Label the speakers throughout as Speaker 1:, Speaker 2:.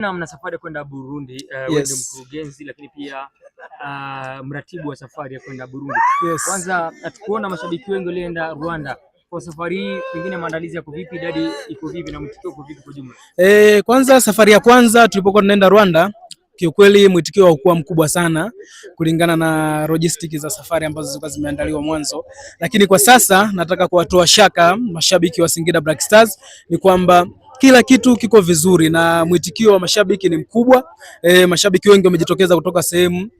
Speaker 1: Na mna safari kwenda Burundi uh, yes. Mkurugenzi lakini pia uh, mratibu wa safari ya kwenda Burundi yes. Kwanza tukuona mashabiki wengi walienda Rwanda kwa safari hii, pengine maandalizi yako vipi? Idadi iko vipi na mwitikio uko vipi kwa jumla?
Speaker 2: Eh, kwanza safari ya kwanza tulipokuwa tunaenda Rwanda kiukweli mwitikio haukuwa mkubwa sana kulingana na logistiki za safari ambazo zilikuwa zimeandaliwa mwanzo, lakini kwa sasa nataka kuwatoa shaka mashabiki wa Singida Black Stars ni kwamba kila kitu kiko vizuri na mwitikio wa mashabiki ni mkubwa. E, mashabiki wengi wamejitokeza kutoka sehemu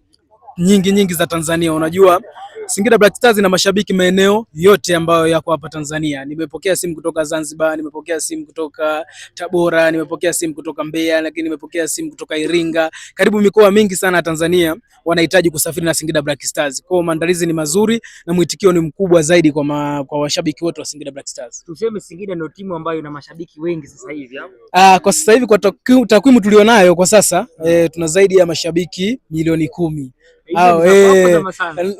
Speaker 2: nyingi nyingi za Tanzania. Unajua Singida Black Stars ina mashabiki maeneo yote ambayo yako hapa Tanzania. Nimepokea simu kutoka Zanzibar, nimepokea simu kutoka Tabora, nimepokea simu kutoka Mbeya, lakini nimepokea simu kutoka Iringa. Karibu mikoa mingi sana ya Tanzania wanahitaji kusafiri na Singida Black Stars. Kwa hiyo maandalizi ni mazuri na mwitikio ni mkubwa zaidi kwa, ma, kwa washabiki wote wa Singida Black Stars.
Speaker 1: Tuseme Singida ndio timu ambayo ina mashabiki wengi sasa hivi
Speaker 2: Ah, kwa sasa hivi kwa takwimu tulionayo kwa sasa, eh, tuna zaidi ya mashabiki milioni kumi.
Speaker 1: Eh.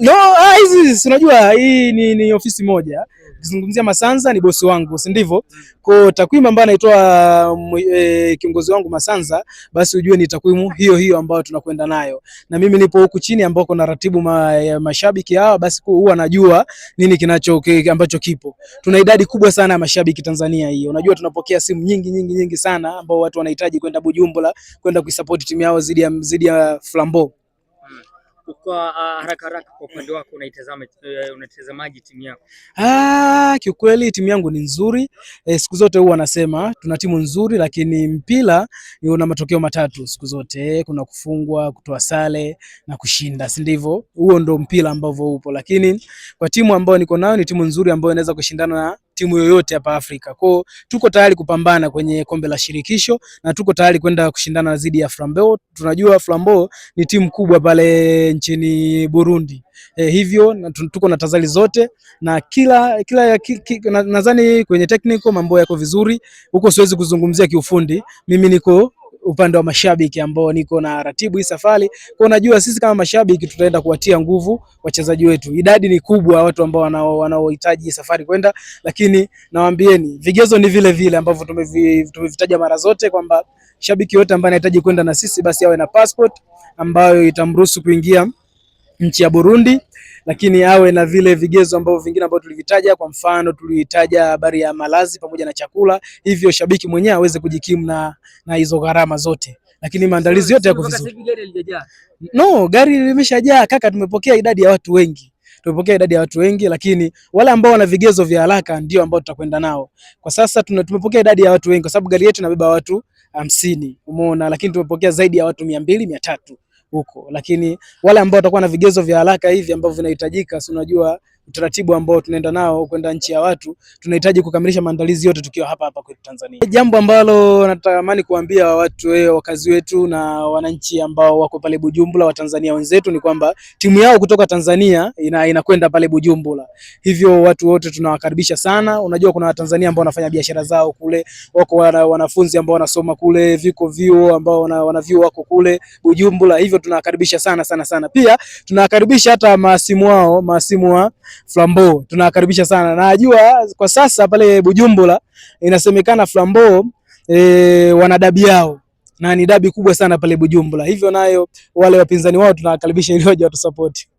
Speaker 2: Ah, hizi unajua hii ni, ni ofisi moja kizungumzia Masanza ni bosi wangu, si ndivyo? Kwa takwimu ambayo anaitoa e, kiongozi wangu Masanza, basi ujue ni takwimu hiyo hiyo ambayo tunakwenda nayo, na mimi nipo huku chini ambako naratibu ma, mashabiki hawa, basi huwa najua nini kinacho ambacho kipo. Tuna idadi kubwa sana ya mashabiki Tanzania hii, unajua tunapokea simu nyingi nyingi nyingi sana, ambao watu wanahitaji kwenda Bujumbura kwenda kuisupport timu yao zidi ya zidi ya Flambeau
Speaker 1: kwa haraka haraka, kwa upande wako unaitazama, eh, unatazamaji timu yako?
Speaker 2: Ah, kiukweli timu yangu ni nzuri e, siku zote huwa nasema tuna timu nzuri, lakini mpira una matokeo matatu siku zote, eh, kuna kufungwa, kutoa sare na kushinda, si ndivyo? Huo ndo mpira ambao upo, lakini kwa timu ambayo niko nayo ni timu nzuri ambayo inaweza kushindana na timu yoyote hapa Afrika. Kwao tuko tayari kupambana kwenye kombe la shirikisho na tuko tayari kwenda kushindana dhidi ya Flambeau. Tunajua Flambeau ni timu kubwa pale nchini Burundi. E, hivyo na tuko na tazali zote na kila kila nadhani kwenye technical mambo yako vizuri huko, siwezi kuzungumzia kiufundi, mimi niko upande wa mashabiki ambao niko na ratibu hii safari. Kwa unajua sisi kama mashabiki tutaenda kuwatia nguvu wachezaji wetu. Idadi ni kubwa watu ambao wanaohitaji safari kwenda, lakini nawaambieni vigezo ni vile vile ambavyo tumevitaja mara zote kwamba shabiki yote ambaye anahitaji kwenda na sisi basi awe na passport ambayo itamruhusu kuingia nchi ya Burundi lakini awe na vile vigezo ambavyo vingine ambavyo tulivitaja. Kwa mfano, tulitaja habari ya malazi pamoja na chakula, hivyo shabiki mwenyewe aweze kujikimu na na hizo gharama zote, lakini maandalizi yote yako vizuri. No, gari limeshajaa kaka, tumepokea idadi ya watu wengi tumepokea idadi ya watu wengi, lakini wale ambao wana vigezo vya haraka ndio ambao tutakwenda nao. Kwa sasa tumepokea idadi ya watu wengi, kwa sababu gari yetu inabeba watu hamsini, umeona, lakini tumepokea zaidi ya watu mia mbili mia tatu huko, lakini wale ambao watakuwa na vigezo vya haraka hivi ambavyo vinahitajika, si unajua utaratibu ambao tunaenda nao kwenda nchi ya watu, tunahitaji kukamilisha maandalizi yote tukiwa hapa hapa kwetu Tanzania. Jambo ambalo natamani kuambia watu wakazi wetu na wananchi ambao wako pale Bujumbura, Watanzania wenzetu ni kwamba timu yao kutoka Tanzania ina, inakwenda pale Bujumbura, hivyo watu wote tunawakaribisha sana. Unajua kuna Watanzania ambao wanafanya biashara zao kule, wako wana, wanafunzi ambao wanasoma kule, viko vyuo ambao wana, wana vyuo wako kule Bujumbura, hivyo tunawakaribisha sana sana sana. Pia tunawakaribisha hata maasimu wao maasimu wa flambo tunawakaribisha sana. Najua kwa sasa pale Bujumbura inasemekana flambo e, wana dabi yao na ni dabi kubwa sana pale Bujumbura, hivyo nayo wale wapinzani wao tunawakaribisha ili waje watusapoti.